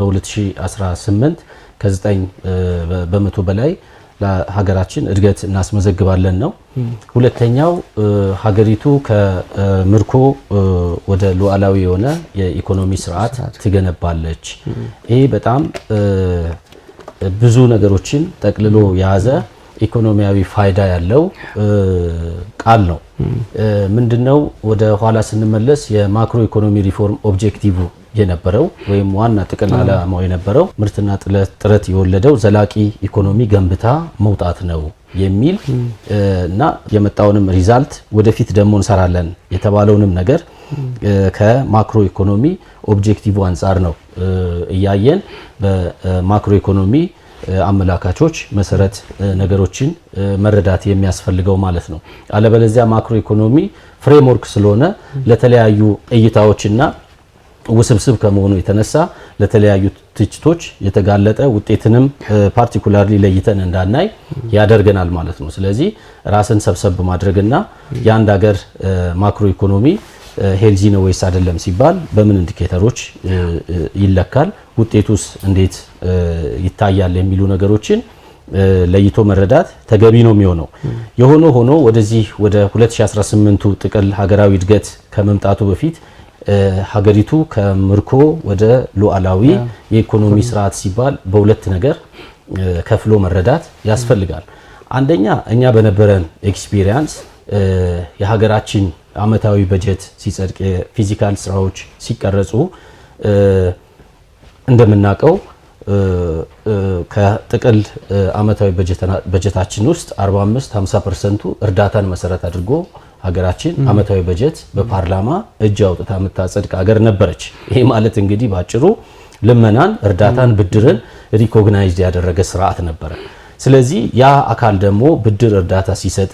በ2018 ከ9 በመቶ በላይ ለሀገራችን እድገት እናስመዘግባለን ነው። ሁለተኛው ሀገሪቱ ከምርኮ ወደ ሉዓላዊ የሆነ የኢኮኖሚ ስርዓት ትገነባለች። ይሄ በጣም ብዙ ነገሮችን ጠቅልሎ የያዘ ኢኮኖሚያዊ ፋይዳ ያለው ቃል ነው። ምንድነው? ወደ ኋላ ስንመለስ የማክሮ ኢኮኖሚ ሪፎርም ኦብጀክቲቭ የነበረው ወይም ዋና ጥቅል ዓላማው የነበረው ምርትና ጥረት የወለደው ዘላቂ ኢኮኖሚ ገንብታ መውጣት ነው የሚል እና የመጣውንም ሪዛልት ወደፊት ደግሞ እንሰራለን የተባለውንም ነገር ከማክሮ ኢኮኖሚ ኦብጀክቲቭ አንጻር ነው እያየን በማክሮ ኢኮኖሚ አመላካቾች መሰረት ነገሮችን መረዳት የሚያስፈልገው ማለት ነው። አለበለዚያ ማክሮ ኢኮኖሚ ፍሬምወርክ ስለሆነ ለተለያዩ እይታዎችና ውስብስብ ከመሆኑ የተነሳ ለተለያዩ ትችቶች የተጋለጠ ውጤትንም ፓርቲኩላርሊ ለይተን እንዳናይ ያደርገናል ማለት ነው። ስለዚህ ራስን ሰብሰብ ማድረግና የአንድ ሀገር ማክሮ ኢኮኖሚ ሄልዚ ነው ወይስ አይደለም ሲባል በምን ኢንዲኬተሮች ይለካል፣ ውጤቱስ እንዴት ይታያል የሚሉ ነገሮችን ለይቶ መረዳት ተገቢ ነው የሚሆነው። የሆነ ሆኖ ወደዚህ ወደ 2018ቱ ጥቅል ሀገራዊ እድገት ከመምጣቱ በፊት ሀገሪቱ ከምርኮ ወደ ሉዓላዊ የኢኮኖሚ ስርዓት ሲባል በሁለት ነገር ከፍሎ መረዳት ያስፈልጋል። አንደኛ እኛ በነበረን ኤክስፒሪየንስ የሀገራችን አመታዊ በጀት ሲጸድቅ የፊዚካል ስራዎች ሲቀረጹ እንደምናውቀው ከጥቅል አመታዊ በጀታችን ውስጥ 45 50 ፐርሰንቱ እርዳታን መሰረት አድርጎ ሀገራችን አመታዊ በጀት በፓርላማ እጅ አውጥታ የምታጸድቅ ሀገር ነበረች። ይሄ ማለት እንግዲህ ባጭሩ ልመናን፣ እርዳታን፣ ብድርን ሪኮግናይዝ ያደረገ ስርዓት ነበረ። ስለዚህ ያ አካል ደግሞ ብድር እርዳታ ሲሰጥ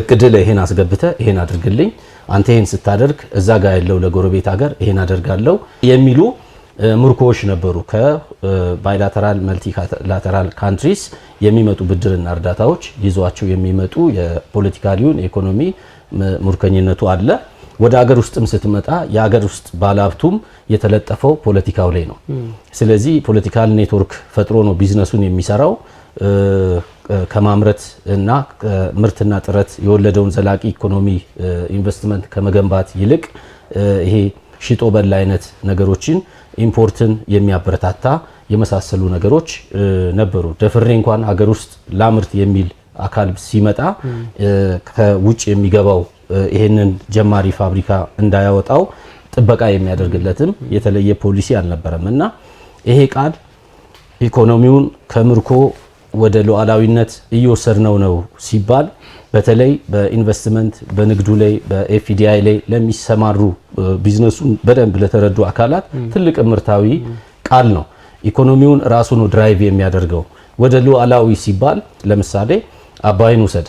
እቅድ ላይ ይሄን አስገብተ ይሄን አድርግልኝ አንተ ይሄን ስታደርግ እዛ ጋር ያለው ለጎረቤት ሀገር ይሄን አደርጋለሁ የሚሉ ምርኮዎች ነበሩ። ከባይላተራል መልቲላተራል ካንትሪስ የሚመጡ ብድርና እርዳታዎች ይዟቸው የሚመጡ የፖለቲካሊውን የኢኮኖሚ ሙርከኝነቱ አለ። ወደ ሀገር ውስጥም ስትመጣ የሀገር ውስጥ ባለሀብቱም የተለጠፈው ፖለቲካው ላይ ነው። ስለዚህ ፖለቲካል ኔትወርክ ፈጥሮ ነው ቢዝነሱን የሚሰራው። ከማምረት እና ምርትና ጥረት የወለደውን ዘላቂ ኢኮኖሚ ኢንቨስትመንት ከመገንባት ይልቅ ይሄ ሽጦ በል አይነት ነገሮችን ኢምፖርትን የሚያበረታታ የመሳሰሉ ነገሮች ነበሩ። ደፍሬ እንኳን ሀገር ውስጥ ላምርት የሚል አካል ሲመጣ ከውጭ የሚገባው ይሄንን ጀማሪ ፋብሪካ እንዳያወጣው ጥበቃ የሚያደርግለትም የተለየ ፖሊሲ አልነበረም እና ይሄ ቃል ኢኮኖሚውን ከምርኮ ወደ ሉዓላዊነት ነው ነው ሲባል በተለይ በኢንቨስትመንት በንግዱ ላይ በኤፍዲአይ ላይ ለሚሰማሩ ቢዝነሱን በደንብ ለተረዱ አካላት ትልቅ ምርታዊ ቃል ነው። ኢኮኖሚውን ራሱ ነው ድራይቭ የሚያደርገው። ወደ ሉዓላዊ ሲባል ለምሳሌ አባይን ውሰድ።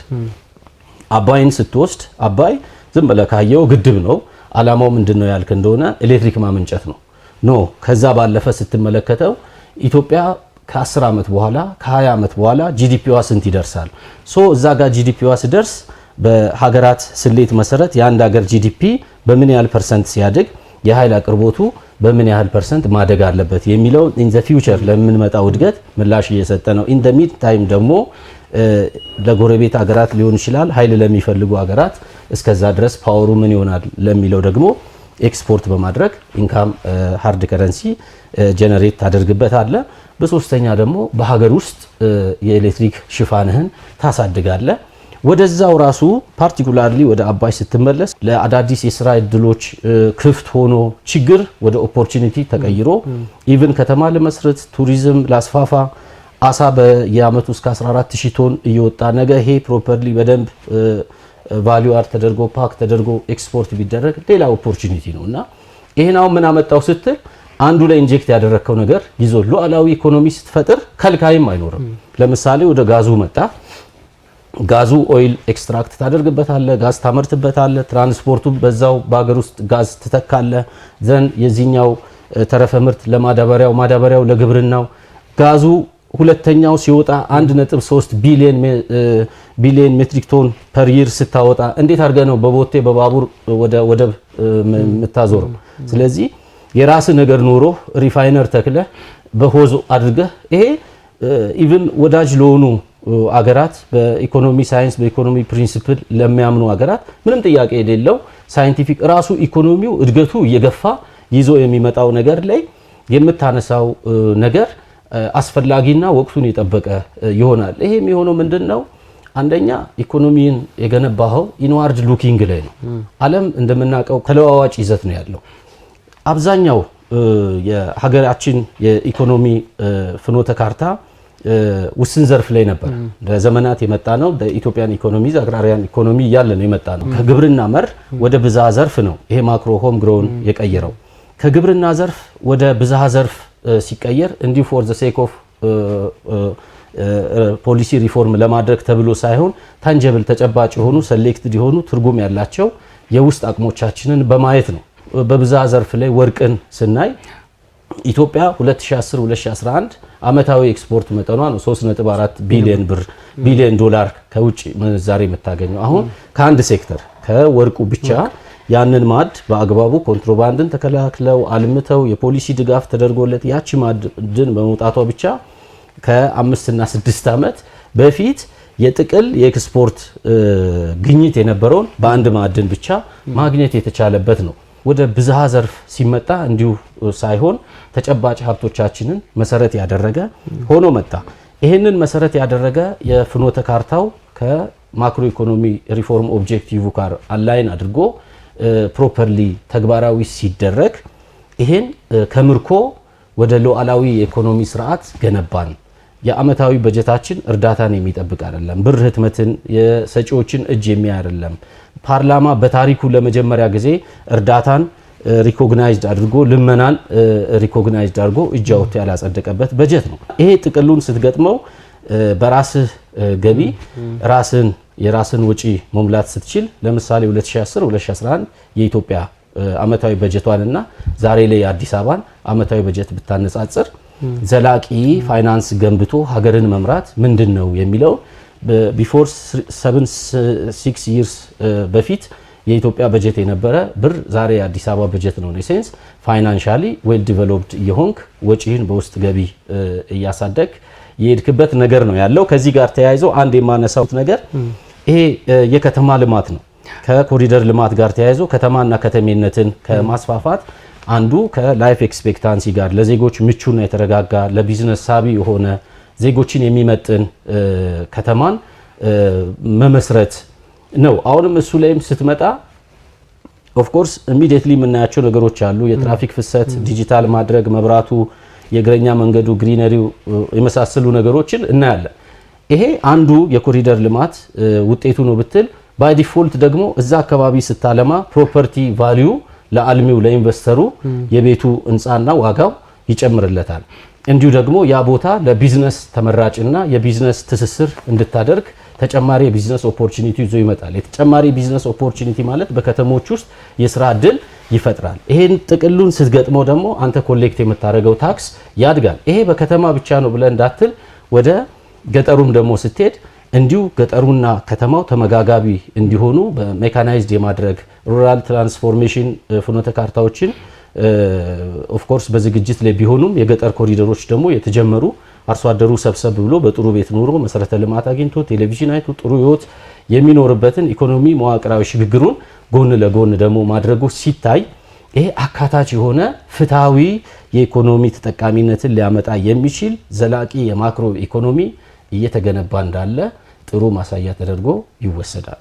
አባይን ስትወስድ አባይ ዝም ብለህ ካየው ግድብ ነው። አላማው ምንድን ነው ያልክ እንደሆነ ኤሌክትሪክ ማመንጨት ነው ኖ ከዛ ባለፈ ስትመለከተው ኢትዮጵያ ከ10 ዓመት በኋላ ከ20 ዓመት በኋላ ጂዲፒዋ ስንት ይደርሳል? ሶ እዛ ጋር ጂዲፒዋ ስደርስ በሀገራት ስሌት መሰረት የአንድ ሀገር ጂዲፒ በምን ያህል ፐርሰንት ሲያድግ የኃይል አቅርቦቱ በምን ያህል ፐርሰንት ማደግ አለበት የሚለው ኢን ዘ ፊውቸር ለምንመጣው እድገት ምላሽ እየሰጠ ነው። ኢን ዘ ሚድ ታይም ደግሞ ለጎረቤት ሀገራት ሊሆን ይችላል ኃይል ለሚፈልጉ ሀገራት እስከዛ ድረስ ፓወሩ ምን ይሆናል ለሚለው ደግሞ ኤክስፖርት በማድረግ ኢንካም ሃርድ ከረንሲ ጀነሬት ታደርግበት አለ። በሶስተኛ ደግሞ በሀገር ውስጥ የኤሌክትሪክ ሽፋንህን ታሳድጋለ። ወደዛው ራሱ ፓርቲኩላርሊ ወደ አባይ ስትመለስ ለአዳዲስ የስራ እድሎች ክፍት ሆኖ ችግር ወደ ኦፖርቹኒቲ ተቀይሮ ኢቭን ከተማ ለመስረት ቱሪዝም ላስፋፋ አሳ በየአመቱ እስከ 14 ሺህ ቶን እየወጣ ነገ ይሄ ፕሮፐርሊ በደንብ ቫሊዩ አድ ተደርጎ ፓክ ተደርጎ ኤክስፖርት ቢደረግ ሌላ ኦፖርቹኒቲ ነው እና ይሄን አሁን ምን አመጣው ስትል አንዱ ላይ ኢንጀክት ያደረግከው ነገር ይዞ ሉዓላዊ ኢኮኖሚ ስትፈጥር ከልካይም አይኖርም። ለምሳሌ ወደ ጋዙ መጣ። ጋዙ ኦይል ኤክስትራክት ታደርግበታለ፣ ጋዝ ታመርትበታለ፣ ትራንስፖርቱ በዛው በሀገር ውስጥ ጋዝ ትተካለ። ዘን የዚህኛው ተረፈ ምርት ለማዳበሪያው፣ ማዳበሪያው ለግብርናው፣ ጋዙ ሁለተኛው ሲወጣ 1.3 ቢሊዮን ቢሊዮን ሜትሪክ ቶን ፐር ይር ስታወጣ እንዴት አድርገ ነው በቦቴ በባቡር ወደ ወደብ የምታዞረው? ስለዚህ የራስ ነገር ኖሮ ሪፋይነር ተክለ በሆዝ አድርገህ ይሄ ኢቭን ወዳጅ ለሆኑ አገራት በኢኮኖሚ ሳይንስ በኢኮኖሚ ፕሪንሲፕል ለሚያምኑ አገራት ምንም ጥያቄ የሌለው ሳይንቲፊክ ራሱ ኢኮኖሚው እድገቱ እየገፋ ይዞ የሚመጣው ነገር ላይ የምታነሳው ነገር አስፈላጊና ወቅቱን የጠበቀ ይሆናል። ይሄም የሆነው ምንድን ነው? አንደኛ ኢኮኖሚን የገነባኸው ኢንዋርድ ሉኪንግ ላይ ነው። ዓለም እንደምናውቀው ተለዋዋጭ ይዘት ነው ያለው። አብዛኛው የሀገራችን የኢኮኖሚ ፍኖተ ካርታ ውስን ዘርፍ ላይ ነበር። ለዘመናት የመጣ ነው። በኢትዮጵያን ኢኮኖሚ አግራሪያን ኢኮኖሚ እያለ ነው የመጣ ነው። ከግብርና መር ወደ ብዝሃ ዘርፍ ነው ይሄ ማክሮ ሆም ግሮውን የቀየረው። ከግብርና ዘርፍ ወደ ብዝሃ ዘርፍ ሲቀየር እንዲሁ ፎር ዘ ሴክ ኦፍ ፖሊሲ ሪፎርም ለማድረግ ተብሎ ሳይሆን ታንጀብል ተጨባጭ የሆኑ ሰሌክትድ የሆኑ ትርጉም ያላቸው የውስጥ አቅሞቻችንን በማየት ነው። በብዝሃ ዘርፍ ላይ ወርቅን ስናይ ኢትዮጵያ 2010 2011 ዓመታዊ ኤክስፖርት መጠኗ ነው 3.4 ቢሊዮን ብር ቢሊዮን ዶላር ከውጭ ምንዛሬ የምታገኘው አሁን ከአንድ ሴክተር ከወርቁ ብቻ ያንን ማዕድ በአግባቡ ኮንትሮባንድን ተከላክለው አልምተው የፖሊሲ ድጋፍ ተደርጎለት ያቺ ማድን በመውጣቷ ብቻ ከአምስትና ስድስት ዓመት በፊት የጥቅል የኤክስፖርት ግኝት የነበረውን በአንድ ማዕድን ብቻ ማግኘት የተቻለበት ነው። ወደ ብዝሃ ዘርፍ ሲመጣ እንዲሁ ሳይሆን ተጨባጭ ሀብቶቻችንን መሰረት ያደረገ ሆኖ መጣ። ይህንን መሰረት ያደረገ የፍኖተ ካርታው ከማክሮ ኢኮኖሚ ሪፎርም ኦብጀክቲቭ ጋር አላይን አድርጎ ፕሮፐርሊ ተግባራዊ ሲደረግ ይሄን ከምርኮ ወደ ሉዓላዊ የኢኮኖሚ ስርዓት ገነባን። የአመታዊ በጀታችን እርዳታን የሚጠብቅ አይደለም። ብር ህትመትን፣ የሰጪዎችን እጅ የሚያ አይደለም። ፓርላማ በታሪኩ ለመጀመሪያ ጊዜ እርዳታን ሪኮግናይዝድ አድርጎ ልመናን ሪኮግናይዝድ አድርጎ እጃውት ያላጸደቀበት በጀት ነው። ይሄ ጥቅሉን ስትገጥመው በራስህ ገቢ ራስን የራስን ወጪ መሙላት ስትችል ለምሳሌ 2010 2011 የኢትዮጵያ አመታዊ በጀቷንና ዛሬ ላይ የአዲስ አበባን አመታዊ በጀት ብታነጻጽር ዘላቂ ፋይናንስ ገንብቶ ሀገርን መምራት ምንድን ነው የሚለው ቢፎር ሰቨን ሲክስ ይርስ በፊት የኢትዮጵያ በጀት የነበረ ብር ዛሬ የአዲስ አበባ በጀት ነው። ሴንስ ፋይናንሻሊ ዌል ዲቨሎፕድ እየሆንክ ወጪህን በውስጥ ገቢ እያሳደግ የሄድክበት ነገር ነው ያለው። ከዚህ ጋር ተያይዞ አንድ የማነሳውት ነገር ይሄ የከተማ ልማት ነው። ከኮሪደር ልማት ጋር ተያይዞ ከተማና ከተሜነትን ከማስፋፋት አንዱ ከላይፍ ኤክስፔክታንሲ ጋር ለዜጎች ምቹና የተረጋጋ ለቢዝነስ ሳቢ የሆነ ዜጎችን የሚመጥን ከተማን መመስረት ነው። አሁንም እሱ ላይም ስትመጣ ኦፍኮርስ ኢሚዲየትሊ የምናያቸው ነገሮች አሉ። የትራፊክ ፍሰት ዲጂታል ማድረግ፣ መብራቱ፣ የእግረኛ መንገዱ፣ ግሪነሪው የመሳሰሉ ነገሮችን እናያለን። ይሄ አንዱ የኮሪደር ልማት ውጤቱ ነው ብትል ባይ ዲፎልት ደግሞ እዛ አካባቢ ስታለማ ፕሮፐርቲ ቫሊዩ ለአልሚው ለኢንቨስተሩ የቤቱ ህንፃና ዋጋው ይጨምርለታል። እንዲሁ ደግሞ ያ ቦታ ለቢዝነስ ተመራጭና የቢዝነስ ትስስር እንድታደርግ ተጨማሪ የቢዝነስ ኦፖርቹኒቲ ይዞ ይመጣል። የተጨማሪ ቢዝነስ ኦፖርቹኒቲ ማለት በከተሞች ውስጥ የስራ እድል ይፈጥራል። ይሄን ጥቅሉን ስትገጥመው ደግሞ አንተ ኮሌክት የምታደርገው ታክስ ያድጋል። ይሄ በከተማ ብቻ ነው ብለህ እንዳትል፣ ወደ ገጠሩም ደግሞ ስትሄድ እንዲሁ ገጠሩና ከተማው ተመጋጋቢ እንዲሆኑ በሜካናይዝድ የማድረግ ሩራል ትራንስፎርሜሽን ፍኖተ ካርታዎችን ኦፍኮርስ በዝግጅት ላይ ቢሆኑም የገጠር ኮሪደሮች ደግሞ የተጀመሩ አርሶ አደሩ ሰብሰብ ብሎ በጥሩ ቤት ኑሮ መሰረተ ልማት አግኝቶ ቴሌቪዥን አይቶ ጥሩ ህይወት የሚኖርበትን ኢኮኖሚ መዋቅራዊ ሽግግሩን ጎን ለጎን ደግሞ ማድረጉ ሲታይ ይሄ አካታች የሆነ ፍትሐዊ የኢኮኖሚ ተጠቃሚነትን ሊያመጣ የሚችል ዘላቂ የማክሮ ኢኮኖሚ እየተገነባ እንዳለ ጥሩ ማሳያ ተደርጎ ይወሰዳል።